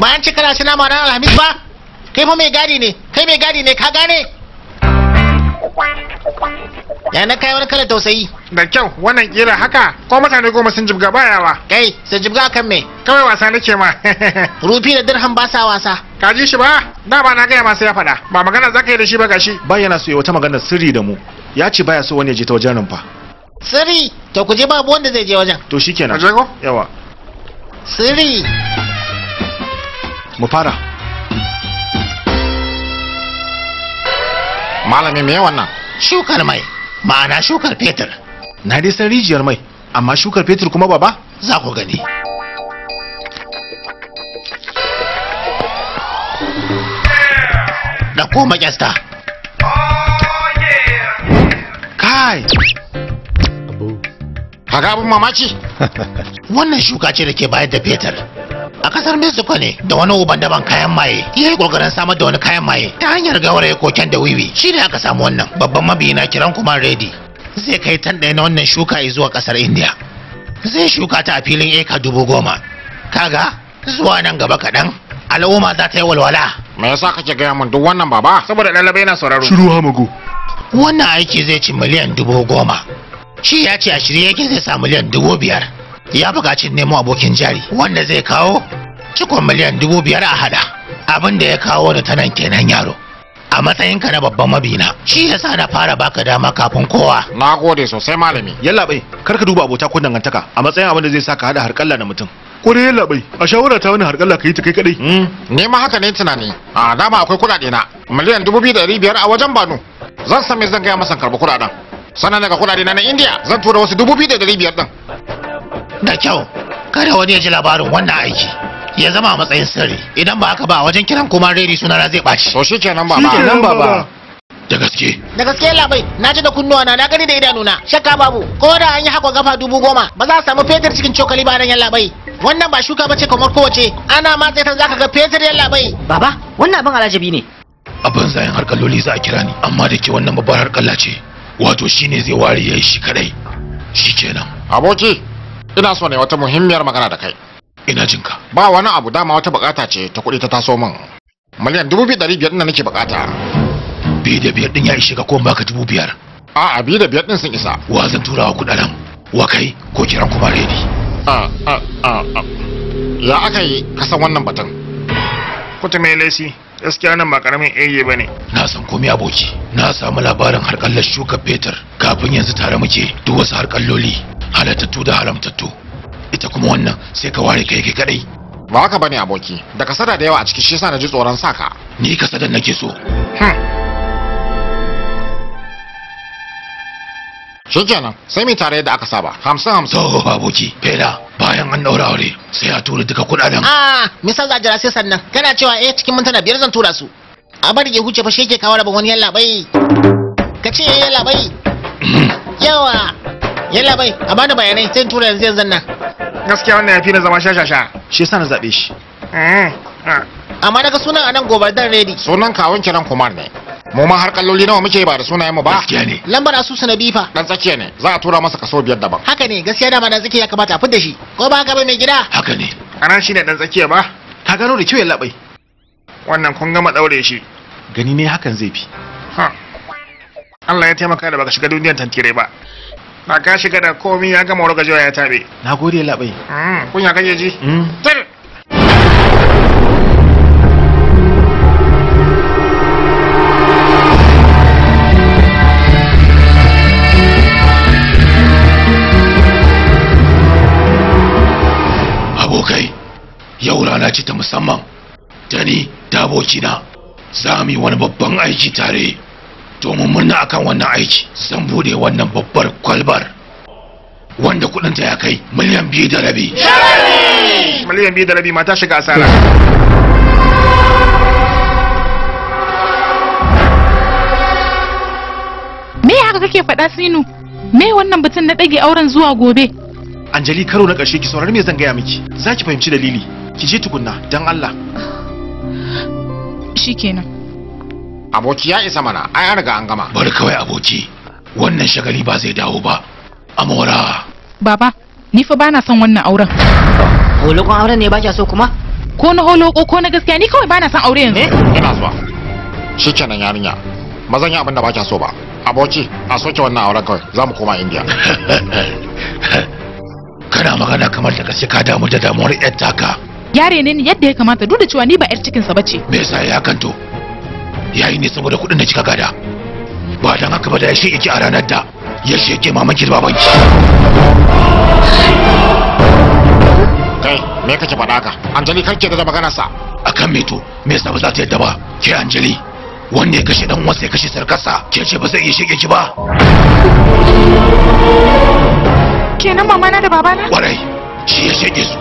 bayan cika na suna mara alhamis ba kai fa mai gadi ne kai mai gadi ne ka gane ya na kayan wani tausayi da kyau wannan kila haka ko mutane goma sun jibga bayawa kai sun jibga kan me kawai wasa nake ma rufi da dirham ba sa wasa ka ji shi ba da ba na gaya masu ya faɗa ba magana za ka yi da shi ba gashi ba yana so wata magana sirri da mu ya ce baya so wani ya je ta wajen rumfa sirri to ku je babu wanda zai je wajen to shikenan yawa siri mu fara malami me wannan shukar mai ma'ana shukar fetur na dai san rijiyar mai amma shukar fetur kuma baba za ku gani da ko makyasta kai kaga abin mamaci wannan shuka ce da ke bayar da fetur a kasar mexico ne da wani uban daban kayan maye ya yi kokarin samar da wani kayan maye ta hanyar gawar ya koken da wiwi shi ne aka samu wannan babban mabiyi na kiran kuma redi zai kai tan ɗaya na wannan shuka zuwa kasar india zai shuka ta a filin eka dubu goma kaga zuwa nan gaba kaɗan al'umma za ta yi walwala me yasa kake gaya min duk wannan baba saboda ɗalibai na sauraro shiru hamago wannan aiki zai ci miliyan dubu goma shi ya ce a shirye yake zai samu miliyan dubu biyar ya buƙaci nemo abokin jari wanda zai kawo cikon miliyan dubu biyar a hada abin da ya kawo da tana kenan yaro a matsayinka na babban mabina shi ya sa na fara baka dama kafin kowa na gode sosai malami yalla bai kar ka duba abota kun dangantaka a matsayin abin da zai sa ka hada harkalla na mutum dai yalla bai a shawara ta wani harkalla ka yi ta kai kadai hmm, ne ma haka ne tunani a dama akwai kuɗaɗe na miliyan dubu biyu da ɗari biyar a wajen banu zan san me zan gaya masa karɓi kuɗaɗen sannan daga kudade na na indiya zan tura wasu dubu biyu da dari biyar din da kyau kada wani ya ji labarin wannan aiki ya zama a matsayin sirri idan ba haka ba wajen kiran kuma suna sunana zai ɓaci to shi ba baba shi ba baba da gaske da gaske labai na ji da kunnuwa na na gani da idanu na. shakka babu ko da an yi hakon gafa dubu goma ba za a samu fetur cikin cokali ba nan yan labai wannan ba shuka bace kamar kowace ana matsayi ta zaka ga fetur yan labai baba wannan abin alajabi ne a banzayen harkar loli za a kira ni amma da ke wannan babbar harkar ce wato shine zai ware ya shi kadai shikenan aboki ina so ne wata muhimmiyar magana da kai ina jinka ba wani abu dama wata bukata ce ta kuɗi ta taso min miliyan dubu biyu ɗari biyar nake bukata Bi da biyar din ya ishe ka ko ka dubu biyar a'a bi da biyar din sun isa wa zan tura wa kuɗaɗen wa kai ko kiran kuma ready a a a ya aka yi kasan wannan batun kuta mai laisi gaskiya nan ba karamin ba na san komai aboki na samu labarin harkallar shuka fetur kafin yanzu tare muke duk wasu harkalloli halattattu da haramtattu ita kuma wannan sai ka ware kai kai kadai ba haka bane aboki da kasada da yawa a ciki shi yasa na ji tsoron saka ni kasadan nake so kenan sai mai tare da aka saba hamsin hamsin to aboki fela bayan an daura aure sai a tura duka kudaden Ah misal da jira sai sannan kana cewa eh cikin mintuna biyar zan tura su a bari ya huce fa shi ke kawo rabon wani yalla bai ka ce eh, yalla bai yawa yalla bai a bani bayanai sai tura yanzu yanzu nan gaskiya wannan ya fi na zama shashasha shi yasa na zaɓe shi mm, mm. amma daga sunan anan gobardan redi sunan kawon kiran kumar ne mu ma har kalloli nawa muke ba da sunayen mu ba gaskiya ne lambar asusu na bifa dan tsakiya ne za a tura masa kaso biyar daban haka ne gaskiya da ma dan tsakiya ya kamata a fidda shi ko ba ka ba mai gida haka ne anan shine dan tsakiya ba ka gano da kyau ya labai wannan kun gama daure shi gani ne hakan zai fi ha Allah ya taimaka da baka shiga duniyar tantire ba ba ka shiga da komi ya gama wani jiwa ya tabe na gode labai hmm. kun ya kaje ji hmm. abokai yau rana ce ta musamman da ni da na za mu yi wani babban aiki tare domin murna akan wannan aiki zan bude wannan babbar kwalbar wanda kudinta ya kai miliyan biyu da rabi miliyan biyu da rabi mata shiga asara me haka kake faɗa sinu me wannan batun na ɗage auren zuwa gobe anjali karo na ƙarshe ki saurari me zan gaya miki za ki fahimci dalili ki je tukunna don allah ah. shikenan aboki ya isa mana ai an riga an gama bari kawai aboki wannan shagali ba zai dawo ba amora baba ni fa bana son wannan auren holokon auren ne ba kya so kuma ko na holoko ko na gaskiya ni kawai bana son aure yanzu eh ina zuwa shikenan yarinya mazan yi abin da ba kya so ba aboki a soke wannan auren kawai za mu koma indiya kana magana kamar da gaske ka damu da damuwar yar taka yare ne ni yadda ya kamata duk da cewa ni ba yar cikinsa ba ce me yasa ya kanto yayi ne saboda kuɗin da kika gada ba dan haka ba da ya yake a ranar da ya shege mamaki da babanki kai me kake faɗa ka anjali kake da magana sa akan me to me yasa ba za ta yadda ba ke anjali wanda ya kashe dan wasa ya kashe sarkarsa ke ce ba zai iya shege ki ba kenan mama na da babana kwarai shi ya shege su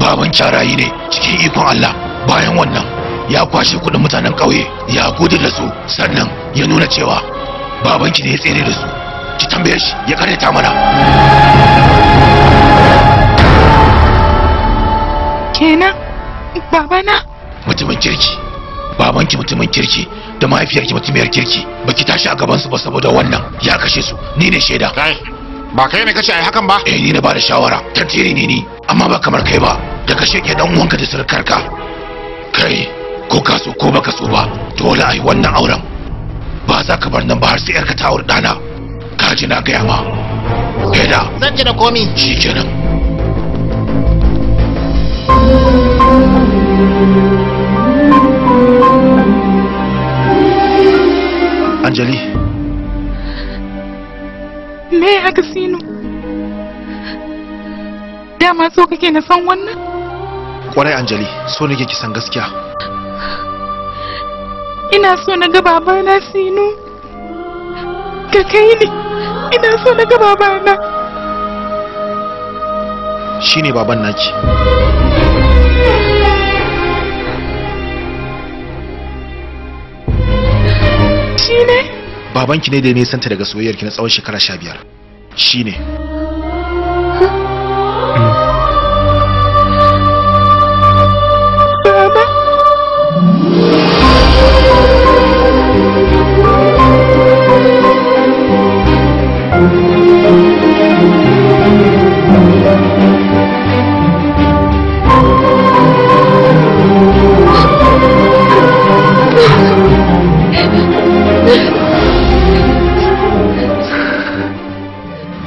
baban carayi ne cikin ikon Allah bayan wannan ya kwashe kudin mutanen ƙauye ya gudu da su sannan ya nuna cewa babanki ne ya tsere da su ki tambaye shi ya ta mana kenan babana mutumin kirki babanki mutumin kirki da mahaifiyarki mutumiyar kirki baki tashi a gaban su ba saboda wannan ya kashe su ni ne shaida ba kai ne kace ai hakan ba eh ni na bada shawara tantiri ne ni amma ba kamar kai ba da ka sheke dan uwanka da ka kai ko ka so ko baka so ba dole ai wannan auren ba za ka bar nan ba har sai yarka ta aure dana ka ji na gaya ma kai eh, da zan ji da komi shikenan Anjali, me a sinu dama so kake na san wannan kwarai anjali so nake ki san gaskiya ina so na ga babana sino ka kai ne ina so na ga babana shine baban naki shine babanki ne da ya nisanta daga soyayyarki na tsawon shekara sha biyar shine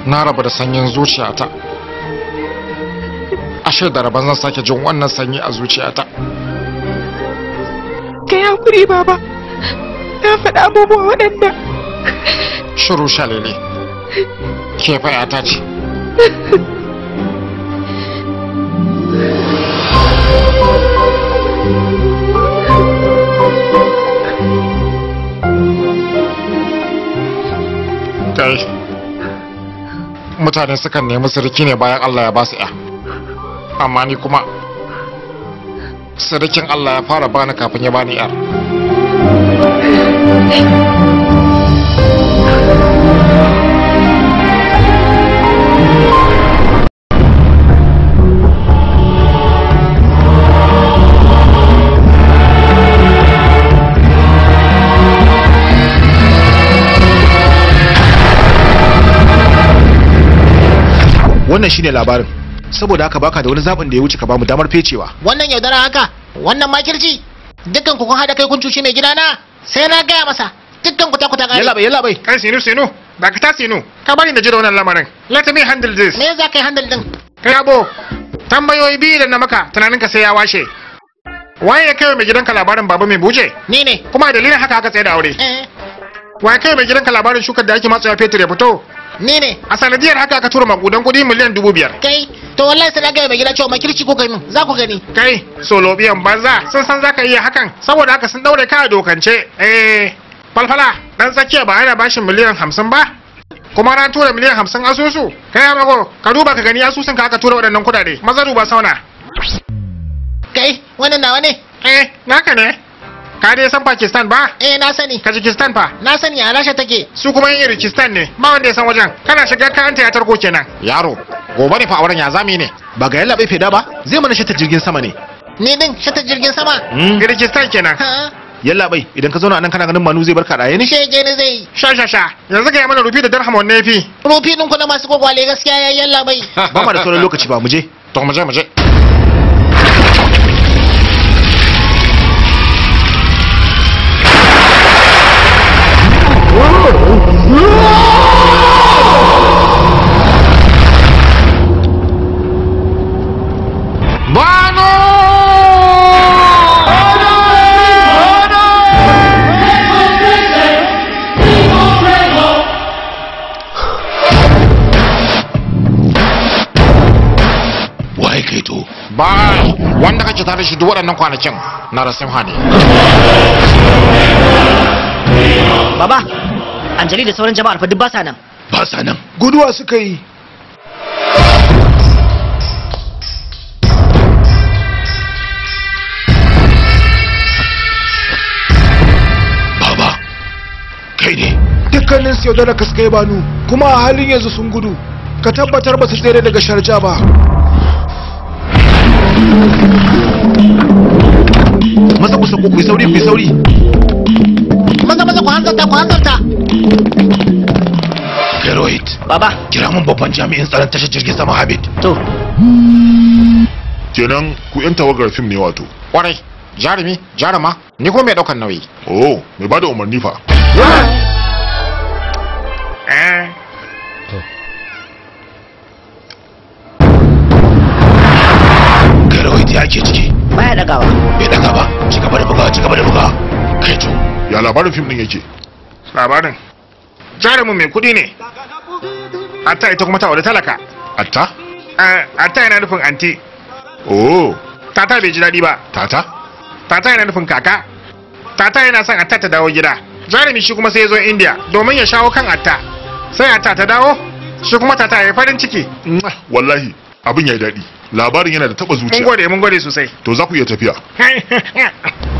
na raba da sanyin zuciyata ashe da raban zan sake jin wannan sanyi a zuciyata ka yi hakuri baba na faɗa abubuwa waɗanda shiru shalele ke fayata ce mutane sukan nemi sarki ne bayan Allah ya ba su ya amma ni kuma sarkin Allah ya fara bani kafin ya bani yar wannan shine labarin saboda haka baka da wani zaɓin da ya wuce ka bamu damar fecewa wannan yaudara haka wannan makirci dukkan ku kun haɗa kai kun cuci mai gidana sai na gaya masa dukkan ku ta kuta gari yalla yalla kai sinu sinu ba ka ta sinu ka bari da jira wannan lamarin let me handle this me za ka handle din kai abo tambayoyi biyu da na maka tunaninka sai ya washe waye ya kai mai gidanka labarin baba mai buje ni ne kuma dalilin haka aka tsaya da aure eh. waye kai mai gidanka labarin shukar da ake matsaya fetur ya fito ni ne a sanadiyar haka aka tura magudan kudi miliyan dubu biyar kai to wallahi sai daga mai gida cewa makirci ko kai min za ku gani kai solobiyan banza sun san za ka iya hakan saboda haka sun ɗaure ka a dokance eh falfala dan tsakiya ba ana bashin miliyan hamsin ba kuma na tura miliyan hamsin asusu kai ya mago ka duba ka gani asusun ka aka tura waɗannan kudade, maza duba sauna kai wannan nawa ne eh naka ne ka dai san pakistan ba eh na sani kajikistan fa na sani a rasha take su kuma yin irikistan ne ba wanda ya san wajen kana shiga ka anta ya tarko kenan yaro gobe ne fa auren ya zami ne ba ga yallaɓe fida ba zai mana shata jirgin sama ne ni din shata jirgin sama hmm. irikistan kenan yalla bai idan ka zauna nan kana ganin manu zai barka da ne shege ne zai sha sha sha yanzu ka yi mana rufi da darham wannan yafi rufi din ku na masu gogwale gaskiya ya yalla bai ba mu da sauran lokaci ba mu je to mu je mu je tare shi duk waɗannan kwanakin na rasimha ne. Baba, anjali da sauran jama'ar fadin basa nan Basa nan guduwa suka yi baba kai ne dukkanin su yaudara kaskai suka banu kuma a halin yanzu sun gudu ka tabbatar ba su tsere daga sharja ba maza kusa sako ku sauri ku sauri maza maza ku hanzarta ku hanzarta Kai Rohit. Baba. Kira mun babban jami'in tsaron tashar jirgin sama Habib. To. Kenan ku yan tawagar fim ne wato. Kwarai. Jarumi, jaruma, ni ko mai daukan nauyi. Oh, mai bada umarni fa. Kai ya ke ciki. Baya dagawa. Bai daga ba. Ci gaba da bugawa, ci gaba da bugawa. Kai to. Ya labarin fim din yake? Labarin jarumin mai kuɗi ne atta ita kuma ta wada talaka atta eh, atta yana nufin anti oh tata bai ji daɗi ba tata tata yana nufin kaka tata yana son atta ta dawo gida jarumi shi kuma sai ya zo india domin ya shawo kan atta sai atta ta dawo shi kuma tata ya farin ciki wallahi abin ya yi daɗi labarin yana da taɓa zuciya mun gode mun gode sosai to za ku iya tafiya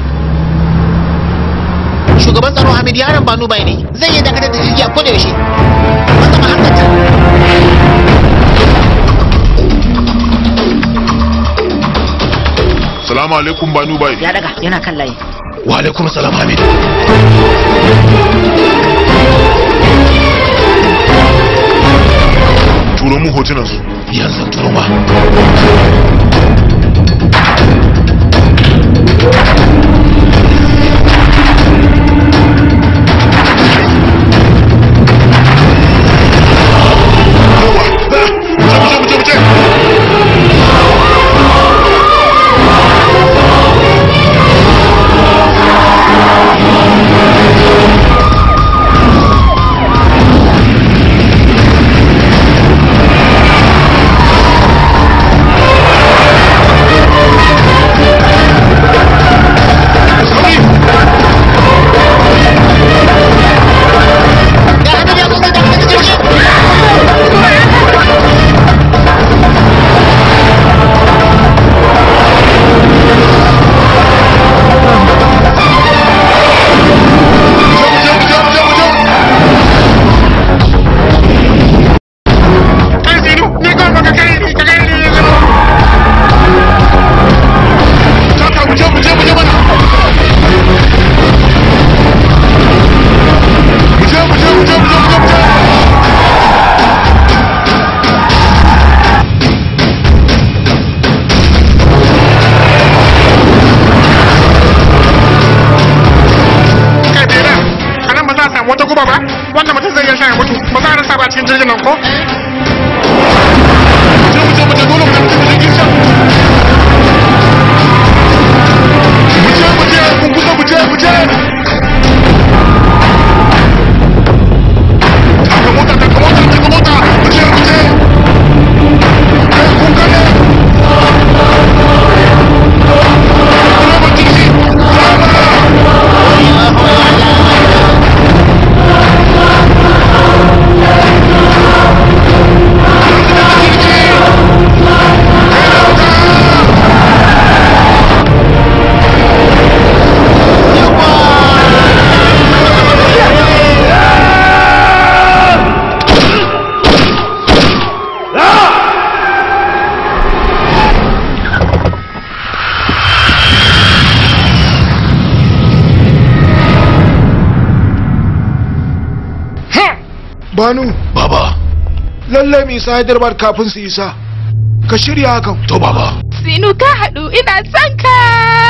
shugaban tsaro Hamid yaron Banu bai ne zai yi dakatar da jirgi a koda yaushe wanda ma hankata Salamu alaikum Banu bai ya daga yana kan layi wa alaikum salam Hamid turo mu hotunan su yanzu turo ma 我不干了三百天，直接能跑。lallai mu isa Hyderabad kafin su isa ka shirya hakan to baba Sinu ka haɗu ina son ka